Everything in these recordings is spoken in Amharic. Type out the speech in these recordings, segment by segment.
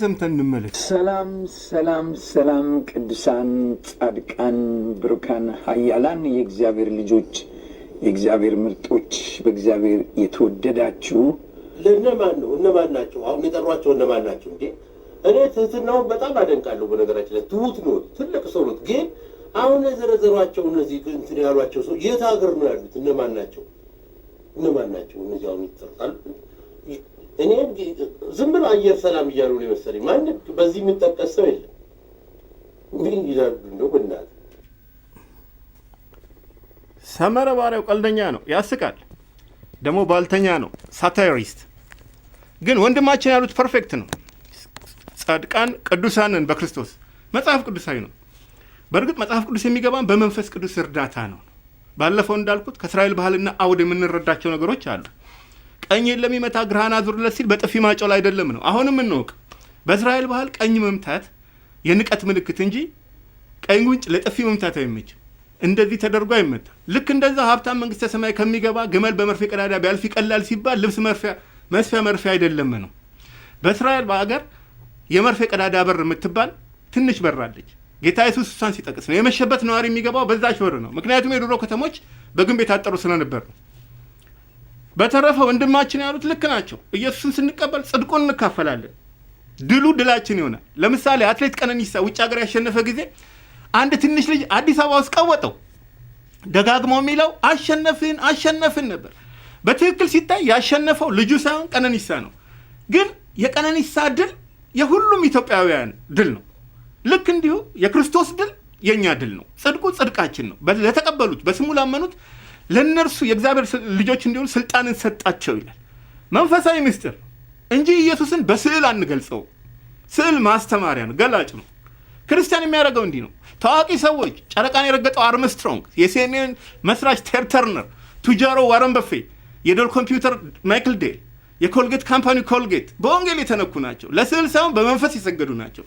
ሰምተን እንመለስ። ሰላም ሰላም ሰላም፣ ቅዱሳን ጻድቃን፣ ብሩካን ኃያላን የእግዚአብሔር ልጆች፣ የእግዚአብሔር ምርጦች፣ በእግዚአብሔር የተወደዳችሁ ለእነማን ነው? እነማን ናቸው? አሁን የጠሯቸው እነማን ናቸው? እንዴ እኔ ትህትናውን በጣም አደንቃለሁ። በነገራችን ላይ ትሁት ነው፣ ትልቅ ሰው ነው። ግን አሁን የዘረዘሯቸው እነዚህ እንትን ያሏቸው ሰው የት ሀገር ነው ያሉት? እነማን ናቸው? እነማን ናቸው እነዚህ አሁን ይጠሩታል እኔ ዝም ብሎ አየር ሰላም እያሉ ነው የመሰለኝ። ማንም በዚህ የሚጠቀስ ሰው የለም። ግን ይላሉ ነው ብናት ሰመረ ባሪያው ቀልደኛ ነው፣ ያስቃል፣ ደግሞ ባልተኛ ነው፣ ሳታይሪስት ግን ወንድማችን ያሉት ፐርፌክት ነው። ጻድቃን ቅዱሳንን በክርስቶስ መጽሐፍ ቅዱሳዊ ነው። በእርግጥ መጽሐፍ ቅዱስ የሚገባን በመንፈስ ቅዱስ እርዳታ ነው። ባለፈው እንዳልኩት ከእስራኤል ባህልና አውድ የምንረዳቸው ነገሮች አሉ። ቀኝን ለሚመታ ግራህን አዙርለት ሲል በጥፊ ማጮል አይደለም ነው። አሁንም እንወቅ፣ በእስራኤል ባህል ቀኝ መምታት የንቀት ምልክት እንጂ ቀኝ ጉንጭ ለጥፊ መምታት አይመችም። እንደዚህ ተደርጎ አይመታ። ልክ እንደዛ ሀብታም መንግስተ ሰማይ ከሚገባ ግመል በመርፌ ቀዳዳ ቢያልፍ ይቀላል ሲባል ልብስ መስፊያ መርፌ አይደለም ነው። በእስራኤል ሀገር የመርፌ ቀዳዳ በር የምትባል ትንሽ በር አለች። ጌታ የሱስ እሷን ሲጠቅስ ነው የመሸበት ነዋሪ የሚገባው በዛች በር ነው። ምክንያቱም የድሮ ከተሞች በግንብ የታጠሩ ስለነበር ነው። በተረፈ ወንድማችን ያሉት ልክ ናቸው። ኢየሱስን ስንቀበል ጽድቁን እንካፈላለን፣ ድሉ ድላችን ይሆናል። ለምሳሌ አትሌት ቀነኒሳ ውጭ ሀገር ያሸነፈ ጊዜ አንድ ትንሽ ልጅ አዲስ አበባ ውስጥ ቀወጠው። ደጋግሞ የሚለው አሸነፍን አሸነፍን ነበር። በትክክል ሲታይ ያሸነፈው ልጁ ሳይሆን ቀነኒሳ ነው። ግን የቀነኒሳ ድል የሁሉም ኢትዮጵያውያን ድል ነው። ልክ እንዲሁ የክርስቶስ ድል የእኛ ድል ነው። ጽድቁ ጽድቃችን ነው። ለተቀበሉት በስሙ ላመኑት ለእነርሱ የእግዚአብሔር ልጆች እንዲሆኑ ስልጣንን ሰጣቸው ይላል። መንፈሳዊ ምስጢር እንጂ ኢየሱስን በስዕል አንገልጸው። ስዕል ማስተማሪያ ነው፣ ገላጭ ነው። ክርስቲያን የሚያደርገው እንዲህ ነው። ታዋቂ ሰዎች ጨረቃን የረገጠው አርምስትሮንግ፣ የሲኤንኤን መስራች ቴርተርነር ቱጃሮ ዋረን በፌ፣ የዶል ኮምፒውተር ማይክል ዴል፣ የኮልጌት ካምፓኒ ኮልጌት በወንጌል የተነኩ ናቸው። ለስዕል ሳይሆን በመንፈስ የሰገዱ ናቸው።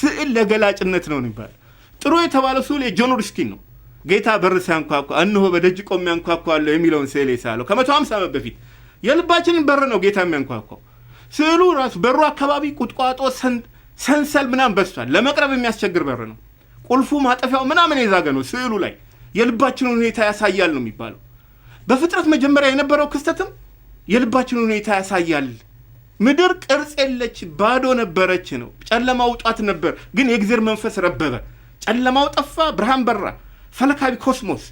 ስዕል ለገላጭነት ነው ይባላል። ጥሩ የተባለ ስዕል የጆን ሪስኪን ነው። ጌታ በር ሲያንኳኳ እንሆ በደጅ ቆም ያንኳኳለሁ የሚለውን ስዕል የሳለው ከመቶ ሃምሳ ዓመት በፊት የልባችንን በር ነው ጌታ የሚያንኳኳው። ስዕሉ ራሱ በሩ አካባቢ ቁጥቋጦ፣ ሰንሰል ምናምን በስቷል። ለመቅረብ የሚያስቸግር በር ነው። ቁልፉ ማጠፊያው ምናምን የዛገ ነው። ስዕሉ ላይ የልባችንን ሁኔታ ያሳያል ነው የሚባለው። በፍጥረት መጀመሪያ የነበረው ክስተትም የልባችንን ሁኔታ ያሳያል። ምድር ቅርጽ የለች ባዶ ነበረች ነው። ጨለማው ጧት ነበር፣ ግን የእግዜር መንፈስ ረበበ። ጨለማው ጠፋ፣ ብርሃን በራ። ፈለካዊ ኮስሞስ፣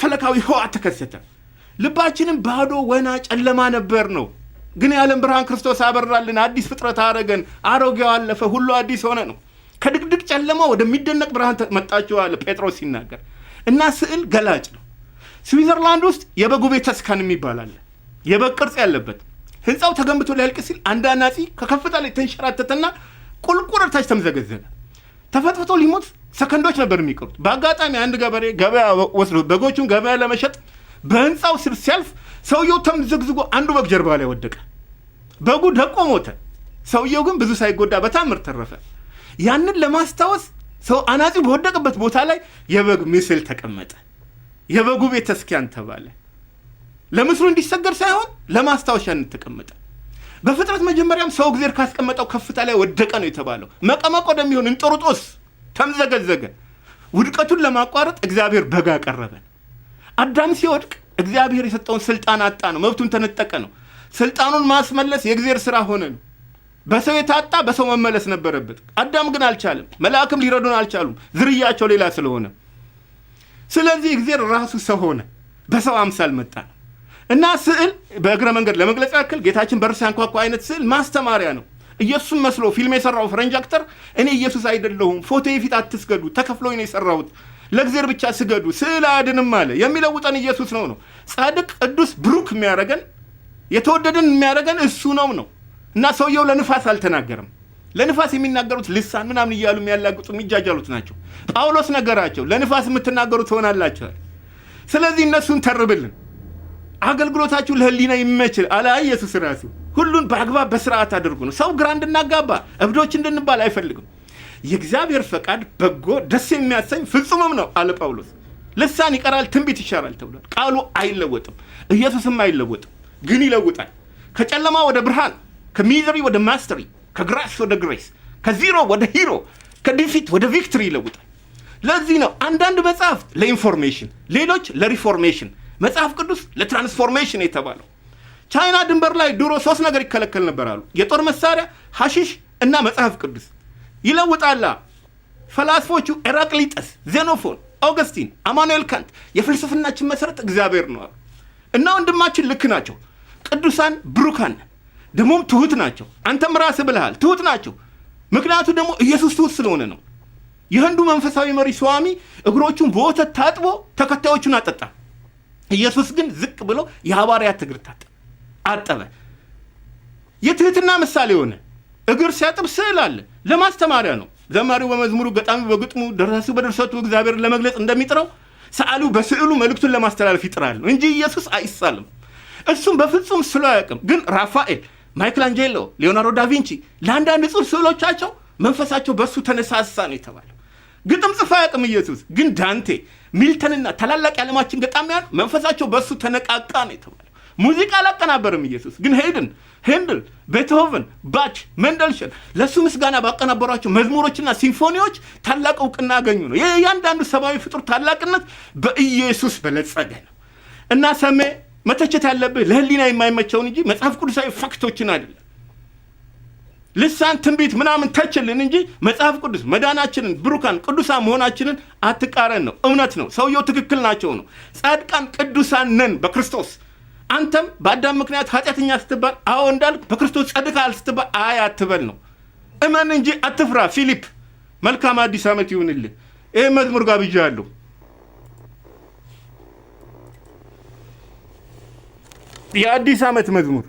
ፈለካዊ ህዋ ተከሰተ። ልባችንም ባዶ ወና ጨለማ ነበር ነው ግን የዓለም ብርሃን ክርስቶስ አበራልን፣ አዲስ ፍጥረት አረገን፣ አሮጌው አለፈ፣ ሁሉ አዲስ ሆነ ነው። ከድቅድቅ ጨለማ ወደሚደነቅ ብርሃን መጣችሁ ጴጥሮስ ሲናገር እና ስዕል ገላጭ ነው። ስዊዘርላንድ ውስጥ የበጉ ቤት ተስካን የሚባል አለ፣ የበግ ቅርጽ ያለበት ህንፃው ተገንብቶ ሊያልቅ ሲል አንድ አናጺ ከከፍታ ላይ ተንሸራተተና ቁልቁል ታች ተምዘገዘገ። ተፈጥፍቶ ሊሞት ሰከንዶች ነበር የሚቀሩት። በአጋጣሚ አንድ ገበሬ ገበያ ወስዶ በጎቹን ገበያ ለመሸጥ በህንፃው ስር ሲያልፍ ሰውየው ተምዘግዝጎ አንዱ በግ ጀርባ ላይ ወደቀ። በጉ ደቆ ሞተ። ሰውየው ግን ብዙ ሳይጎዳ በታምር ተረፈ። ያንን ለማስታወስ ሰው አናጺው በወደቀበት ቦታ ላይ የበግ ምስል ተቀመጠ። የበጉ ቤተ ተስኪያን ተባለ። ለምስሉ እንዲሰገድ ሳይሆን ለማስታወሻነት ተቀመጠ። በፍጥረት መጀመሪያም ሰው እግዜር ካስቀመጠው ከፍታ ላይ ወደቀ ነው የተባለው። መቀመቅ ወደሚሆን እንጦርጦስ ተምዘገዘገ። ውድቀቱን ለማቋረጥ እግዚአብሔር በግ ቀረበ አዳም ሲወድቅ እግዚአብሔር የሰጠውን ስልጣን አጣ ነው፣ መብቱን ተነጠቀ ነው። ስልጣኑን ማስመለስ የእግዚአብሔር ስራ ሆነ ነው። በሰው የታጣ በሰው መመለስ ነበረበት። አዳም ግን አልቻለም። መልአክም ሊረዱን አልቻሉም፣ ዝርያቸው ሌላ ስለሆነ። ስለዚህ እግዚአብሔር ራሱ ሰው ሆነ፣ በሰው አምሳል መጣ ነው እና ስዕል በእግረ መንገድ ለመግለጽ ያክል ጌታችን በር ሲያንኳኳ አይነት ስዕል ማስተማሪያ ነው። ኢየሱስን መስሎ ፊልም የሰራው ፈረንጅ አክተር እኔ ኢየሱስ አይደለሁም፣ ፎቶ የፊት አትስገዱ፣ ተከፍሎ ነው የሰራሁት፣ ለእግዜር ብቻ ስገዱ፣ ስዕል አያድንም አለ። የሚለውጠን ኢየሱስ ነው ነው ጻድቅ፣ ቅዱስ፣ ብሩክ የሚያደረገን የተወደድን የሚያደረገን እሱ ነው ነው እና ሰውየው ለንፋስ አልተናገርም። ለንፋስ የሚናገሩት ልሳን ምናምን እያሉ የሚያላግጡ የሚጃጃሉት ናቸው። ጳውሎስ ነገራቸው፣ ለንፋስ የምትናገሩ ትሆናላችኋል። ስለዚህ እነሱን ተርብልን፣ አገልግሎታችሁ ለህሊና ይመችል አላ ኢየሱስ ራሱ ሁሉን በአግባብ በስርዓት አድርጉ ነው። ሰው ግራ እንድናጋባ እብዶች እንድንባል አይፈልግም። የእግዚአብሔር ፈቃድ በጎ፣ ደስ የሚያሰኝ ፍጹምም ነው አለ ጳውሎስ። ልሳን ይቀራል፣ ትንቢት ይሻራል ተብሏል። ቃሉ አይለወጥም፣ ኢየሱስም አይለወጥም፣ ግን ይለውጣል። ከጨለማ ወደ ብርሃን፣ ከሚዘሪ ወደ ማስተሪ፣ ከግራስ ወደ ግሬስ፣ ከዚሮ ወደ ሂሮ፣ ከዲፊት ወደ ቪክትሪ ይለውጣል። ለዚህ ነው አንዳንድ መጽሐፍት ለኢንፎርሜሽን፣ ሌሎች ለሪፎርሜሽን፣ መጽሐፍ ቅዱስ ለትራንስፎርሜሽን የተባለው ቻይና ድንበር ላይ ድሮ ሶስት ነገር ይከለከል ነበር አሉ። የጦር መሳሪያ፣ ሐሺሽ እና መጽሐፍ ቅዱስ። ይለውጣላ ፈላስፎቹ ኤራቅሊጠስ፣ ዜኖፎን፣ ኦገስቲን፣ አማኑኤል ካንት የፍልስፍናችን መሰረት እግዚአብሔር ነው አሉ እና ወንድማችን ልክ ናቸው። ቅዱሳን ብሩካን ደግሞም ትሁት ናቸው። አንተም ራስ ብልሃል ትሁት ናቸው። ምክንያቱ ደግሞ ኢየሱስ ትሁት ስለሆነ ነው። የህንዱ መንፈሳዊ መሪ ስዋሚ እግሮቹን በወተት ታጥቦ ተከታዮቹን አጠጣ። ኢየሱስ ግን ዝቅ ብሎ የሐዋርያት እግር ታጠ አጠበ። የትህትና ምሳሌ የሆነ እግር ሲያጥብ ስዕል አለ። ለማስተማሪያ ነው። ዘማሪው በመዝሙሩ፣ ገጣሚው በግጥሙ፣ ደራሲው በድርሰቱ እግዚአብሔር ለመግለጽ እንደሚጥረው ሰዓሊው በስዕሉ መልእክቱን ለማስተላለፍ ይጥራል እንጂ ኢየሱስ አይሳልም። እሱም በፍጹም ስሎ አያውቅም። ግን ራፋኤል፣ ማይክል አንጀሎ፣ ሊዮናርዶ ዳቪንቺ ለአንዳንድ ጽሑፍ ስዕሎቻቸው መንፈሳቸው በእሱ ተነሳሳ ነው የተባለው። ግጥም ጽፎ አያውቅም ኢየሱስ። ግን ዳንቴ፣ ሚልተንና ታላላቅ የዓለማችን ገጣሚያን መንፈሳቸው በእሱ ተነቃቃ ነው የተባለው። ሙዚቃ አላቀናበርም ኢየሱስ ግን ሄድን ሄንድል ቤትሆቨን ባች መንደልሸን ለእሱ ምስጋና ባቀናበሯቸው መዝሙሮችና ሲምፎኒዎች ታላቅ እውቅና ያገኙ ነው። የእያንዳንዱ ሰብአዊ ፍጡር ታላቅነት በኢየሱስ በለጸገ ነው እና ሰሜ መተቸት ያለብህ ለህሊና የማይመቸውን እንጂ መጽሐፍ ቅዱሳዊ ፋክቶችን አይደለም። ልሳን፣ ትንቢት ምናምን ተችልን እንጂ መጽሐፍ ቅዱስ መዳናችንን፣ ብሩካን ቅዱሳን መሆናችንን አትቃረን ነው። እውነት ነው። ሰውየው ትክክል ናቸው ነው። ጻድቃን ቅዱሳን ነን በክርስቶስ አንተም በአዳም ምክንያት ኃጢአተኛ ስትባል አዎ እንዳል በክርስቶስ ጸድቃል ስትባል አይ አትበል ነው። እመን እንጂ አትፍራ። ፊሊፕ መልካም አዲስ ዓመት ይሁንልህ። ይህ መዝሙር አለሁ። የአዲስ ዓመት መዝሙር